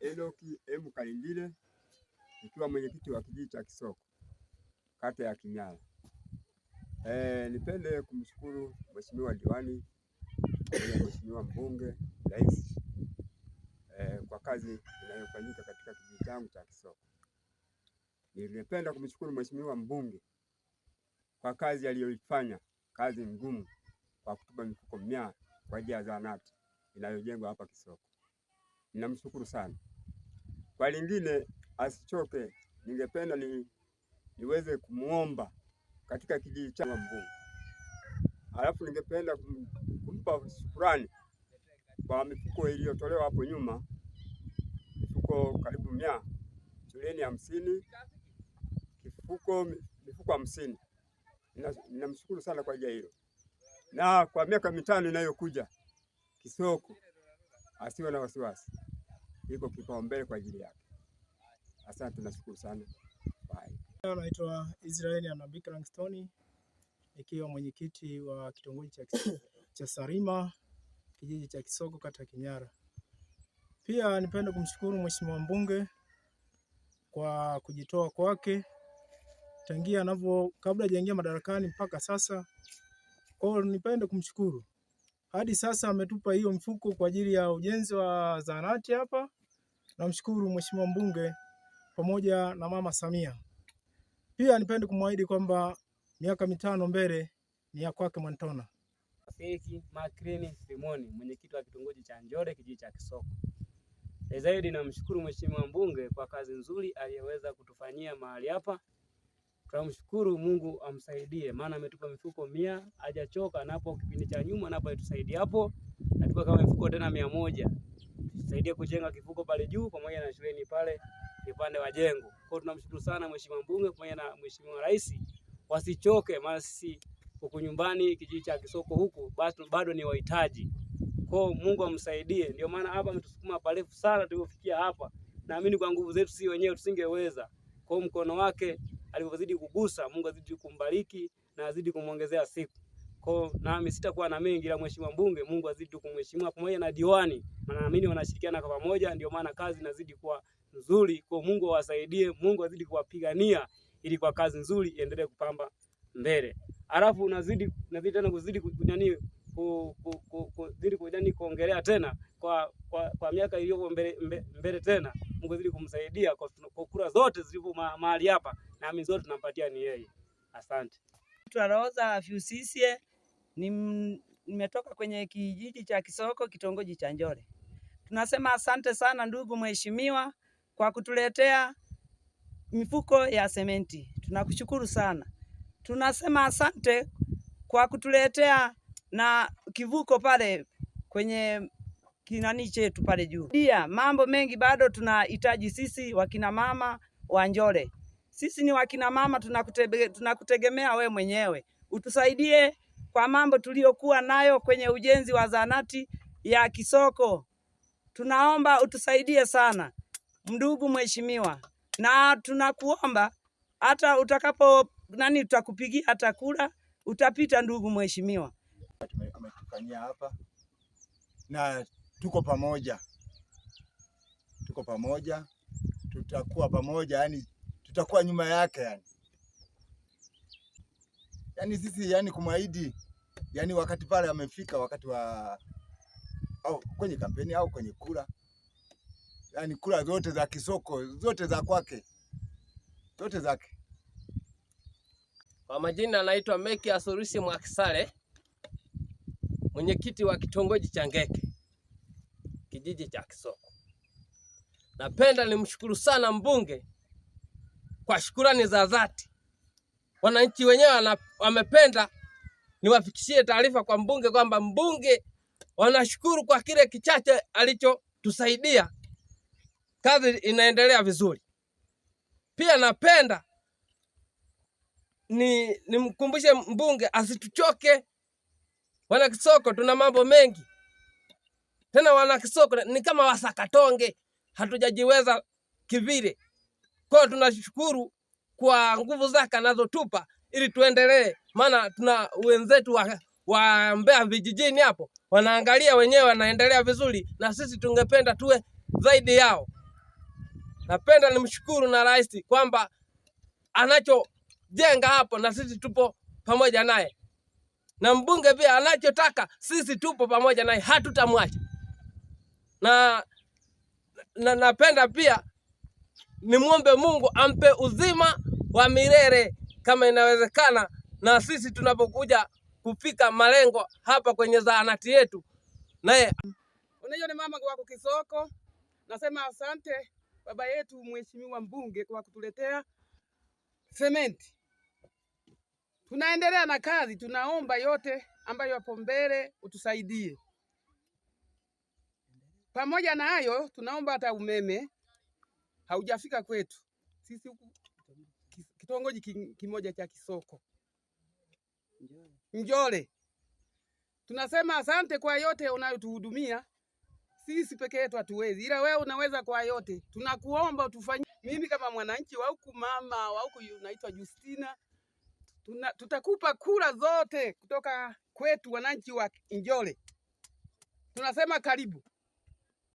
Enoki M Kalindile nikiwa mwenyekiti wa kijiji cha Kisoko kata ya Kinyala. E, nipende kumshukuru mheshimiwa diwani na mheshimiwa mbunge rais e, kwa kazi inayofanyika katika kijiji changu cha Kisoko. Ningependa kumshukuru mheshimiwa mbunge kwa kazi aliyoifanya, kazi ngumu kwa kutupa mifuko mia kwa ajili ya zahanati inayojengwa hapa Kisoko. Ninamshukuru sana kwa lingine asichoke. Ningependa ni, niweze kumuomba katika kijiji cha Mbungu, alafu ningependa kumpa shukrani kwa mifuko iliyotolewa hapo nyuma, mifuko karibu mia shuleni hamsini kifuko mifuko hamsini. Ninamshukuru sana kwa ajili hilo, na kwa miaka mitano inayokuja Kisoko asiwe na wasiwasi iko kipaumbele kwa ajili yake. Asante, tunashukuru sana. Bye. Naitwa Israeli Anabika Langston nikiwa mwenyekiti wa kitongoji cha, cha Sarima kijiji cha Kisoko kata ya Kinyara. Pia nipende kumshukuru mheshimiwa mbunge kwa kujitoa kwake tangia anavyo kabla hajaingia madarakani mpaka sasa. Kwa hiyo nipende kumshukuru hadi sasa ametupa hiyo mfuko kwa ajili ya ujenzi wa zahanati hapa namshukuru Mheshimiwa mbunge pamoja na Mama Samia. Pia nipende kumwahidi kwamba miaka mitano mbele ni ya kwake Mwantona. Feki Makrini Simoni, mwenyekiti wa kitongoji cha Njole kijiji cha Kisoko. E, zaidi namshukuru Mheshimiwa mbunge kwa kazi nzuri aliyeweza kutufanyia mahali hapa. Tunamshukuru Mungu amsaidie, maana ametupa mifuko mia, hajachoka. Napo kipindi cha nyuma napo alitusaidia hapo, atupa kama mifuko tena mia moja tusaidie kujenga kivuko pale juu pamoja na shuleni pale upande wa jengo. Kwa hiyo tunamshukuru sana mheshimiwa mbunge pamoja na mheshimiwa rais, wasichoke, maana sisi huku nyumbani kijiji cha Kisoko huku bado ni wahitaji. Kwa hiyo Mungu amsaidie, ndio maana hapa ametusukuma parefu sana tulivyofikia hapa. Naamini kwa nguvu zetu sisi wenyewe tusingeweza. Kwa hiyo mkono wake alivyozidi kugusa, Mungu azidi kumbariki na azidi kumwongezea siku. Kwa nami sitakuwa na mengi la mheshimiwa mbunge, Mungu azidi tu kumheshimia pamoja na diwani, naamini wanashirikiana kwa pamoja, ndio maana kazi inazidi kuwa nzuri. Kwa Mungu awasaidie, Mungu azidi kuwapigania ili kwa kazi nzuri iendelee kupamba mbele. Alafu unazidi nazidi tena kuzidi kunyani kuzidi kujani kuongelea tena kwa kwa, kwa miaka iliyoko mbele, mbele mbele tena Mungu azidi kumsaidia kwa, kwa kura zote zilivyo mahali hapa, nami zote tunampatia ni yeye. Asante. Tunaroza Fyusisye Nimetoka kwenye kijiji cha Kisoko, kitongoji cha Njole. Tunasema asante sana ndugu mheshimiwa kwa kutuletea mifuko ya sementi, tunakushukuru sana. Tunasema asante kwa kutuletea na kivuko pale kwenye kinani chetu pale juu. Pia mambo mengi bado tunahitaji sisi wakina mama wa Njole. Sisi ni wakina mama tunakutegemea, tunakutegemea we mwenyewe utusaidie kwa mambo tuliyokuwa nayo kwenye ujenzi wa zahanati ya Kisoko. Tunaomba utusaidie sana ndugu mheshimiwa, na tunakuomba hata utakapo nani, tutakupigia hata kura utapita, ndugu mheshimiwa. hapa na tuko pamoja, tuko pamoja, tutakuwa pamoja, yani tutakuwa nyuma yake, yani yani sisi yani kumwahidi yani wakati pale amefika wakati wa au kwenye kampeni au kwenye kura, yani kura zote za kisoko zote za kwake zote zake. Kwa majina anaitwa meki Asurisi Mwakisale, mwenyekiti wa kitongoji cha Ngeke, kijiji cha Kisoko. Napenda nimshukuru sana mbunge kwa shukurani za dhati. Wananchi wenyewe wamependa niwafikishie taarifa kwa mbunge kwamba mbunge wanashukuru kwa kile kichache alichotusaidia. Kazi inaendelea vizuri. Pia napenda ni nimkumbushe mbunge asituchoke. Wana Kisoko tuna mambo mengi tena, wana Kisoko ni kama Wasakatonge, hatujajiweza kivile. Kwa hiyo tunashukuru kwa nguvu zake anazotupa ili tuendelee, maana tuna wenzetu wa, wa Mbeya vijijini hapo wanaangalia wenyewe, wanaendelea vizuri, na sisi tungependa tuwe zaidi yao. Napenda nimshukuru na rais kwamba anachojenga hapo na sisi tupo pamoja naye, na mbunge pia anachotaka sisi tupo pamoja naye, hatutamwacha na, na napenda pia nimwombe Mungu ampe uzima wa milele kama inawezekana, na sisi tunapokuja kufika malengo hapa kwenye zahanati yetu, naye unajua ni mama wako Kisoko. Nasema asante baba yetu mheshimiwa mbunge kwa kutuletea sementi. Tunaendelea na kazi, tunaomba yote ambayo hapo mbele utusaidie. Pamoja na hayo, tunaomba hata umeme haujafika kwetu sisi huku kitongoji kimoja cha Kisoko Njole. Tunasema asante kwa yote unayotuhudumia. Sisi peke yetu hatuwezi, ila wewe unaweza kwa yote. Tunakuomba utufanyie. Mimi kama mwananchi wa huku, mama wa huku unaitwa Justina, tuna, tutakupa kura zote kutoka kwetu wananchi wa Njole. Tunasema karibu.